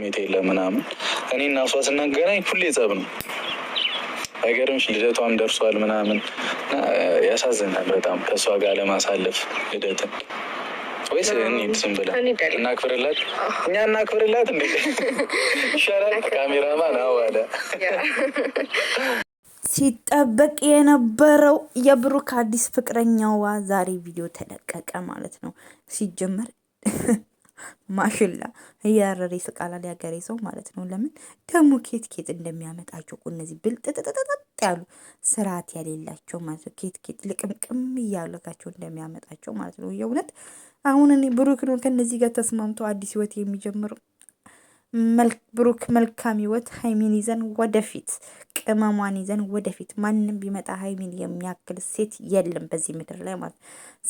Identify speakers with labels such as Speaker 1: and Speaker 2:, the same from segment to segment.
Speaker 1: ስሜት የለም ምናምን። እኔ እና እሷ ስናገናኝ ሁሌ ጸብ ነው። አይገርምሽ? ልደቷም ደርሷል ምናምን ያሳዝናል በጣም ከእሷ ጋር ለማሳለፍ ልደትን ወይስ እንሂድ ዝም ብለ እናክብርላት? እኛ እናክብርላት እንዴ ይሻላል። ካሜራማን አዋለ
Speaker 2: ሲጠበቅ የነበረው የብሩክ አዲስ ፍቅረኛዋ ዛሬ ቪዲዮ ተለቀቀ ማለት ነው ሲጀመር ማሽላ እያረረ ይስቃላል ያገሬ ሰው ማለት ነው። ለምን ደግሞ ኬት ኬት እንደሚያመጣቸው እነዚህ ብልጥጥጥጥጥ ያሉ ስርዓት ያሌላቸው ማለት ነው። ኬት ኬት ልቅምቅም እያለጋቸው እንደሚያመጣቸው ማለት ነው። የእውነት አሁን እኔ ብሩክ ነው ከእነዚህ ጋር ተስማምቶ አዲስ ህይወት የሚጀምረው ብሩክ መልካም ህይወት ሀይሚን ይዘን ወደፊት ቅመሟን ይዘን ወደፊት። ማንም ቢመጣ ሀይሚን የሚያክል ሴት የለም በዚህ ምድር ላይ ማለት።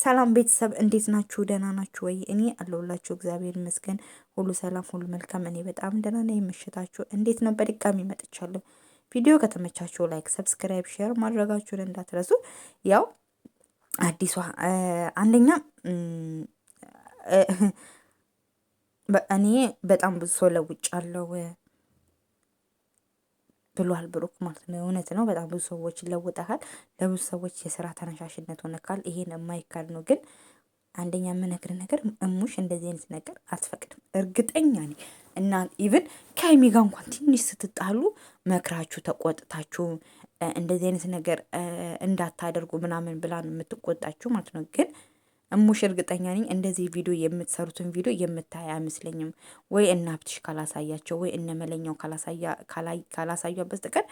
Speaker 2: ሰላም ቤተሰብ እንዴት ናችሁ? ደህና ናችሁ ወይ? እኔ አለሁላችሁ እግዚአብሔር ይመስገን፣ ሁሉ ሰላም፣ ሁሉ መልካም። እኔ በጣም ደህና ነኝ። የምሽታችሁ እንዴት ነው? በድጋሚ መጥቻለሁ። ቪዲዮ ከተመቻችሁ ላይክ፣ ሰብስክራይብ፣ ሼር ማድረጋችሁን እንዳትረሱ። ያው አዲሷ አንደኛ እኔ በጣም ብዙ ሰው ለውጫለሁ ብሏል ብሩክ ማለት ነው። እውነት ነው። በጣም ብዙ ሰዎች ለውጠሃል። ለብዙ ሰዎች የስራ ተነሳሽነት ሆነካል። ይሄን የማይካድ ነው። ግን አንደኛ የምነግር ነገር እሙሽ እንደዚህ አይነት ነገር አትፈቅድም። እርግጠኛ ነኝ እና ኢቭን ከሀይሚ ጋ እንኳን ትንሽ ስትጣሉ መክራችሁ ተቆጥታችሁ እንደዚህ አይነት ነገር እንዳታደርጉ ምናምን ብላ ነው የምትቆጣችሁ ማለት ነው ግን እሙሽ እርግጠኛ ነኝ እንደዚህ ቪዲዮ የምትሰሩትን ቪዲዮ የምታይ አይመስለኝም። ወይ እነ ሀብትሽ ካላሳያቸው ወይ እነ መለኛው ካላሳያ በስተቀር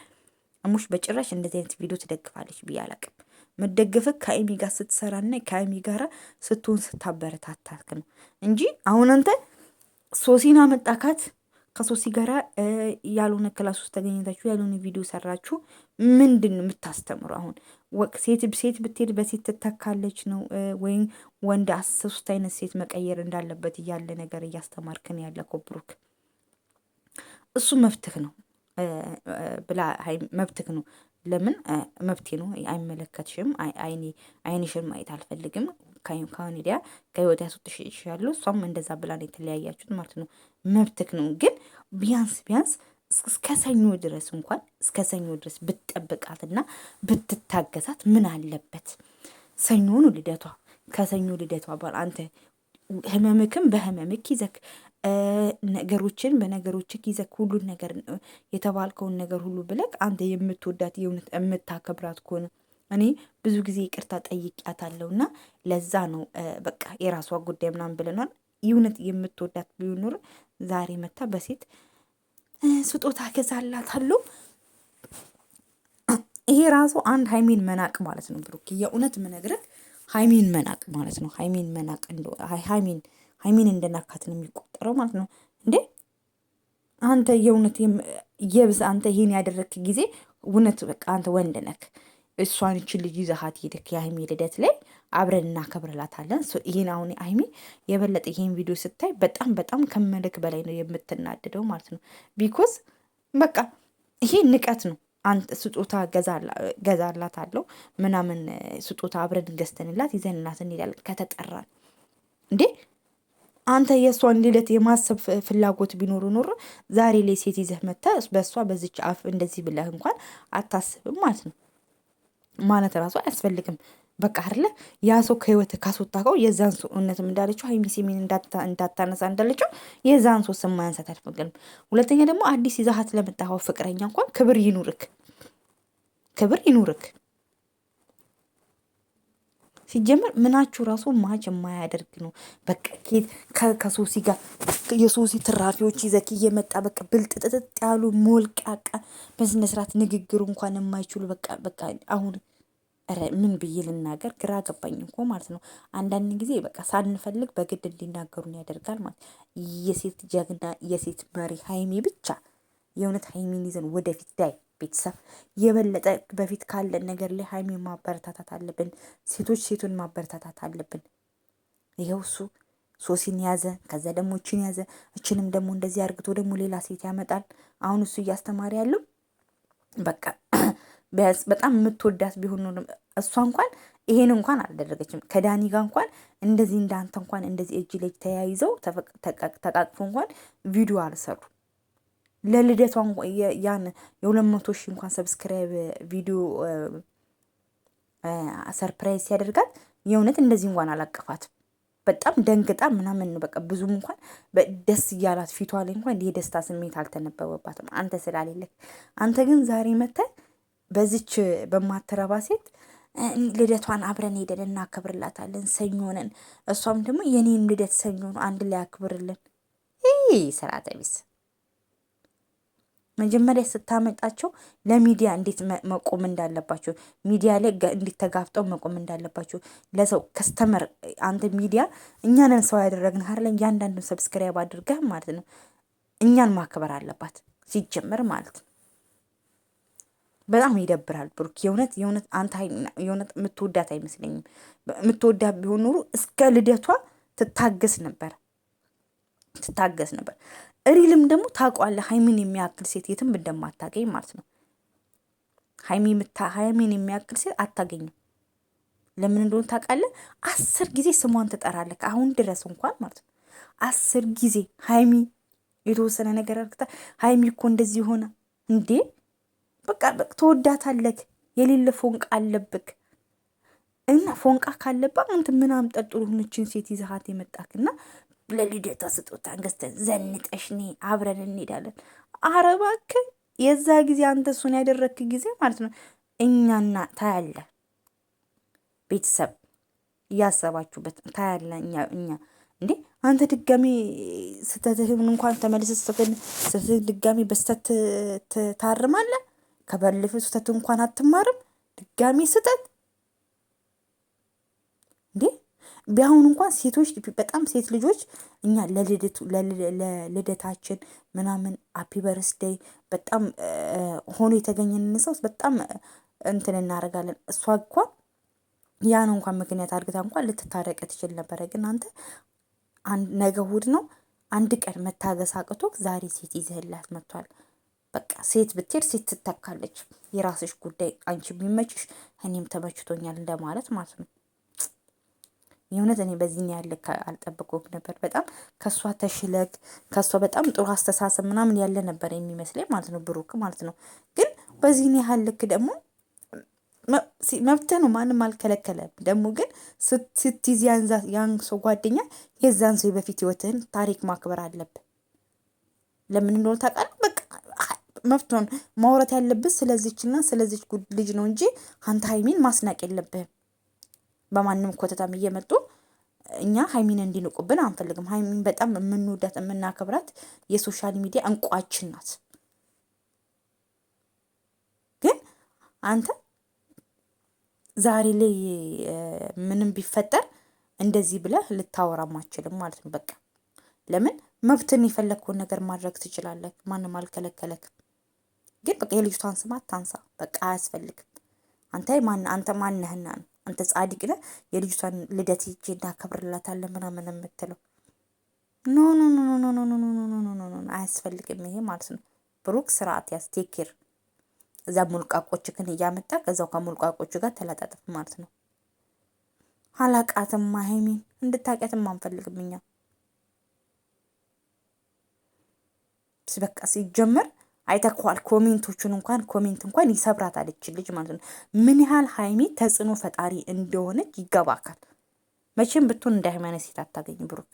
Speaker 2: እሙሽ በጭራሽ እንደዚህ አይነት ቪዲዮ ትደግፋለች ብዬ አላቅም። መደገፍ ከአይሚ ጋር ስትሰራና ከአይሚ ጋር ስትሆን ስታበረታታክ ነው እንጂ አሁን አንተ ሶሲና መጣካት ከሶሲ ጋራ ያልሆነ ክላስ ውስጥ ተገኝታችሁ ያልሆነ ቪዲዮ ሰራችሁ፣ ምንድን ነው የምታስተምሩ? አሁን ሴት ሴት ብትሄድ በሴት ትተካለች ነው ወይም ወንድ ሶስት አይነት ሴት መቀየር እንዳለበት እያለ ነገር እያስተማርክን ያለ ኮብሩክ እሱ መብትህ ነው ብላ መብትህ ነው ለምን መብቴ ነው አይመለከትሽም፣ አይኔ አይንሽን ማየት አልፈልግም ካሁን ዲያ ከህይወት ያስወጥሽ ይችላሉ። እሷም እንደዛ ብላን የተለያያችሁት ማለት ነው። መብትክ ነው። ግን ቢያንስ ቢያንስ እስከ ሰኞ ድረስ እንኳን እስከ ሰኞ ድረስ ብትጠብቃትና ብትታገሳት ምን አለበት? ሰኞኑ ልደቷ ከሰኞ ልደቷ በኋላ አንተ ህመምክም በህመምክ ይዘክ ነገሮችን በነገሮችክ ይዘክ ሁሉን ነገር የተባልከውን ነገር ሁሉ ብለክ አንተ የምትወዳት የእውነት የምታከብራት ከሆነ እኔ ብዙ ጊዜ ይቅርታ ጠይቂያታለሁ እና ለዛ ነው በቃ የራሷ ጉዳይ ምናምን ብለናል። ይውነት የምትወዳት ቢኖር ዛሬ መታ በሴት ስጦታ ገዛላታለሁ። ይሄ ራሱ አንድ ሀይሜን መናቅ ማለት ነው። ብሩክ የእውነት ምነግረት ሀይሜን መናቅ ማለት ነው። ሀይሜን መናቅ ሀይሚን ሀይሜን እንደናካት ነው የሚቆጠረው ማለት ነው። እንዴ አንተ የእውነት የብስ አንተ ይሄን ያደረግክ ጊዜ እውነት በቃ አንተ ወንድ ነክ እሷን ይችን ልጅ ይዘሃት ሄደክ የሀይሚ ልደት ላይ አብረን እናከብርላታለን። ይህን አሁን ሀይሚ የበለጠ ይህን ቪዲዮ ስታይ በጣም በጣም ከመልክ በላይ ነው የምትናደደው ማለት ነው። ቢኮዝ በቃ ይሄ ንቀት ነው። አንተ ስጦታ ገዛላት አለው ምናምን ስጦታ አብረን ገዝተንላት ይዘንላት እንሄዳለን ከተጠራን እንዴ አንተ የእሷን ልደት የማሰብ ፍላጎት ቢኖሩ ኖሮ ዛሬ ላይ ሴት ይዘህ መታ በእሷ በዚች አፍ እንደዚህ ብለህ እንኳን አታስብም ማለት ነው። ማለት ራሱ አያስፈልግም። በቃ አይደለ ያ ሰው ከህይወት ካስወጣከው የዛን ሰው እውነትም እንዳለችው ሀይሚ ሲሚን እንዳታነሳ እንዳለችው የዛን ሰው ስም ማንሳት አልፈቅድም። ሁለተኛ ደግሞ አዲስ ይዛሀት ለመጣኸው ፍቅረኛ እንኳን ክብር ይኑርክ፣ ክብር ይኑርክ። ሲጀመር ምናችሁ ራሱ ማች የማያደርግ ነው። በቃ ከሶሲ ጋር የሶሲ ትራፊዎች ይዘክ እየመጣ በቃ ብልጥጥጥጥ ያሉ ሞልቃቃ በስነስርዓት ንግግሩ እንኳን የማይችሉ በቃ በቃ አሁን ምን ብዬ ልናገር? ግራ ገባኝ እኮ ማለት ነው። አንዳንድ ጊዜ በቃ ሳንፈልግ በግድ እንዲናገሩን ያደርጋል ማለት የሴት ጀግና የሴት መሪ ሀይሚ ብቻ የእውነት ሀይሚን ይዘን ወደፊት ዳይ ቤተሰብ የበለጠ በፊት ካለን ነገር ላይ ሀይሜ ማበረታታት አለብን። ሴቶች ሴቱን ማበረታታት አለብን። ይኸው እሱ ሶሲን ያዘ፣ ከዛ ደግሞ እችን ያዘ፣ እችንም ደግሞ እንደዚህ አርግቶ ደግሞ ሌላ ሴት ያመጣል። አሁን እሱ እያስተማረ ያለው በቃ ቢያንስ በጣም የምትወዳት ቢሆን እሷ እንኳን ይሄን እንኳን አላደረገችም። ከዳኒ ጋር እንኳን እንደዚህ እንዳንተ እንኳን እንደዚህ እጅ ለእጅ ተያይዘው ተቃቅፎ እንኳን ቪዲዮ አልሰሩ። ለልደቷ ያን የሁለት መቶ ሺህ እንኳን ሰብስክራይብ ቪዲዮ ሰርፕራይዝ ሲያደርጋት የእውነት እንደዚህ እንኳን አላቀፋትም። በጣም ደንግጣ ምናምን በቃ ብዙም እንኳን ደስ እያላት ፊቷ ላይ እንኳን ደስታ ስሜት አልተነበበባትም። አንተ ስላሌለህ አንተ ግን ዛሬ መተህ በዚች በማትረባ ሴት ልደቷን አብረን ሄደን እናከብርላታለን። ሰኞንን እሷም ደግሞ የኔም ልደት ሰኞ አንድ ላይ አክብርልን ይህ ስርዓተ ቢስ መጀመሪያ ስታመጣቸው ለሚዲያ እንዴት መቆም እንዳለባቸው ሚዲያ ላይ እንዴት ተጋፍጠው መቆም እንዳለባቸው ለሰው ከስተመር አንተ ሚዲያ እኛንን ሰው ያደረግን ሀር እያንዳንዱ እያንዳንዱን ሰብስክራይብ አድርገህ ማለት ነው እኛን ማክበር አለባት ሲጀመር ማለት ነው። በጣም ይደብራል ብሩክ። የእውነት የእውነት አንተ የእውነት የምትወዳት አይመስለኝም። የምትወዳት ቢሆን ኖሮ እስከ ልደቷ ትታገስ ነበር ትታገስ ነበር። እሪልም ደግሞ ታውቋለህ፣ ሀይሚን የሚያክል ሴት የትም እንደማታገኝ ማለት ነው። ሀይሚን የሚያክል ሴት አታገኝም። ለምን እንደሆነ ታውቃለህ? አስር ጊዜ ስሟን ትጠራለህ፣ አሁን ድረስ እንኳን ማለት ነው። አስር ጊዜ ሀይሚ የተወሰነ ነገር አርግታ ሀይሚ እኮ እንደዚህ የሆነ እንዴ በቃ ተወዳታለክ። የሌለ ፎንቃ አለብክ እና ፎንቃ ካለባ አንተ ምናም አምጠርጥሩ ሁነችን ሴት ይዘሃት የመጣክና ለልደቷ ስጦታ ገዝተን ዘንጠሽኔ አብረን እንሄዳለን። ኧረ እባክህ የዛ ጊዜ አንተ እሱን ያደረክ ጊዜ ማለት ነው። እኛና ታያለ ቤተሰብ እያሰባችሁበት ታያለ። እኛ እኛ እንዴ አንተ ድጋሚ ስተትህን እንኳን ተመልሰ ስተትህን ድጋሚ በስተት ታርማለህ። ከባለፈው ስህተት እንኳን አትማርም። ድጋሚ ስህተት እንዴ! ቢያሁን እንኳን ሴቶች በጣም ሴት ልጆች እኛ ለልደታችን ምናምን አፒ በርስደይ በጣም ሆኖ የተገኘን ሰው በጣም እንትን እናደርጋለን። እሷ እንኳን ያን እንኳን ምክንያት አድርግታ እንኳን ልትታረቅ ትችል ነበረ። ግን አንተ ነገ እሑድ ነው። አንድ ቀን መታገስ አቅቶ ዛሬ ሴት ይዘህላት መጥቷል። በቃ ሴት ብትሄድ ሴት ትተካለች። የራስሽ ጉዳይ፣ አንቺ የሚመችሽ እኔም ተመችቶኛል እንደማለት ማለት ነው። የእውነት እኔ በዚህ ያለ አልጠብቁም ነበር። በጣም ከእሷ ተሽለግ ከእሷ በጣም ጥሩ አስተሳሰብ ምናምን ያለ ነበር የሚመስለኝ ማለት ነው፣ ብሩክ ማለት ነው። ግን በዚህን ያህል ልክ ደግሞ መብት ነው፣ ማንም አልከለከለም። ደግሞ ግን ስትይዝ ያን ሰው ጓደኛ የዛን ሰው የበፊት ህይወትህን ታሪክ ማክበር አለብን። ለምን እንደሆነ ታውቃለህ? መፍቶን ማውራት ያለብህ ስለዚችና ስለዚች ልጅ ነው እንጂ አንተ ሀይሚን ማስናቅ የለብህም። በማንም ኮተታም እየመጡ እኛ ሀይሚን እንዲንቁብን አንፈልግም። ሀይሚን በጣም የምንወዳት የምናከብራት የሶሻል ሚዲያ እንቋችን ናት። ግን አንተ ዛሬ ላይ ምንም ቢፈጠር እንደዚህ ብለህ ልታወራም አችልም ማለት ነው። በቃ ለምን መብትን የፈለግከውን ነገር ማድረግ ትችላለህ። ማንም አልከለከለክ። ግን በቃ የልጅቷን ስም አታንሳ። በቃ አያስፈልግም። አንተ ማን አንተ ማነህና ነው አንተ ጻድቅ ነህ የልጅቷን ልደት ሄጄ እናከብርላታለን ምናምን የምትለው? ኖ ኖ ኖ ኖ ኖ ኖ ኖ አያስፈልግም። ይሄ ማለት ነው ብሩክ ስርዓት ያዝ፣ ቴክ ኬር። እዛ ሙልቃቆችክን እያመጣ ከዛው ከሙልቃቆቹ ጋር ተላጣጥፍ ማለት ነው። አላቃትም ሀይሚን እንድታቂያትም አንፈልግም እኛ በቃ ሲጀመር አይተኳል። ኮሜንቶቹን እንኳን ኮሜንት እንኳን ይሰብራት ይች ልጅ ማለት ነው። ምን ያህል ሀይሚ ተጽዕኖ ፈጣሪ እንደሆነች ይገባካል። መቼም ብትሆን እንደ ሃይማኖት ሴት አታገኝ ብሩክ